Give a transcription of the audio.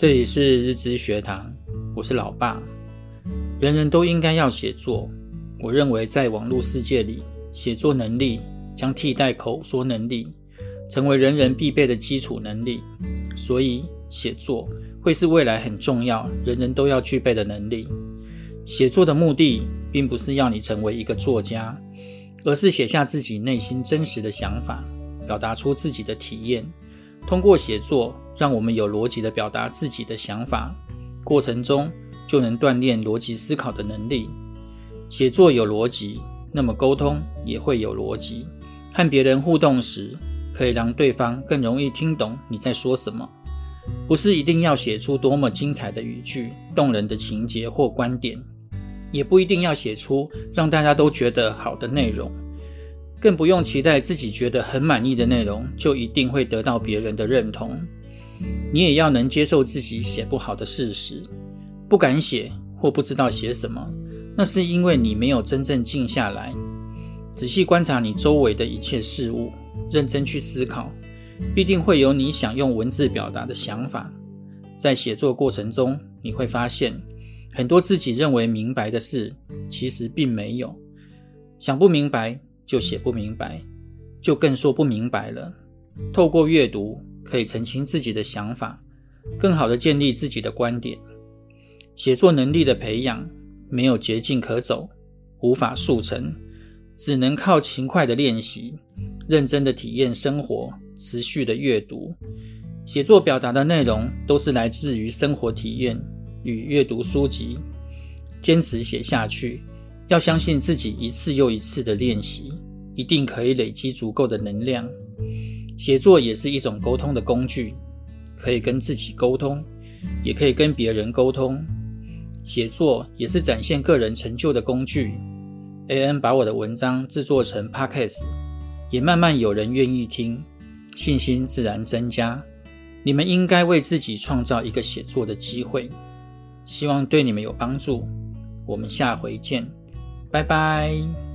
這裡是日知學堂，我是老爸。人人都應該要寫作。我認為，在網絡世界裡，寫作能力將替代口說能力，成為人人必備的基礎能力。所以，寫作會是未來很重要，人人都要具備的能力。寫作的目的，並不是要你成為一個作家，而是寫下自己內心真實的想法，表達出自己的體驗。通過寫作，讓我們有邏輯的表達自己的想法，過程中就能鍛鍊邏輯思考的能力。寫作有邏輯，那麼溝通也會有邏輯。和別人互動時，可以讓對方更容易聽懂你在說什麼。不是一定要寫出多麼精彩的語句、動人的情節或觀點，也不一定要寫出讓大家都覺得好的內容。更不用期待自己覺得很滿意的內容就一定會得到別人的認同。你也要能接受自己寫不好的事實，不敢寫或不知道寫什麼，那是因為你沒有真正靜下來，仔細觀察你周圍的一切事物，認真去思考，必定會有你想用文字表達的想法。在寫作過程中，你會發現很多自己認為明白的事，其實並沒有想不明白。就寫不明白，就更說不明白了。透過閱讀可以澄清自己的想法，更好的建立自己的觀點。寫作能力的培養沒有捷徑可走，無法速成，只能靠勤快的練習、認真的體驗生活、持續的閱讀。寫作表達的內容都是來自於生活體驗與閱讀書籍。堅持寫下去，要相信自己一次又一次的練習。一定可以累積足夠的能量。寫作也是一種溝通的工具，可以跟自己溝通，也可以跟別人溝通。寫作也是展現個人成就的工具。AN 把我的文章製作成 Podcast，也慢慢有人願意聽，信心自然增加。你們應該為自己創造一個寫作的機會，希望對你們有幫助。我們下回見，拜拜。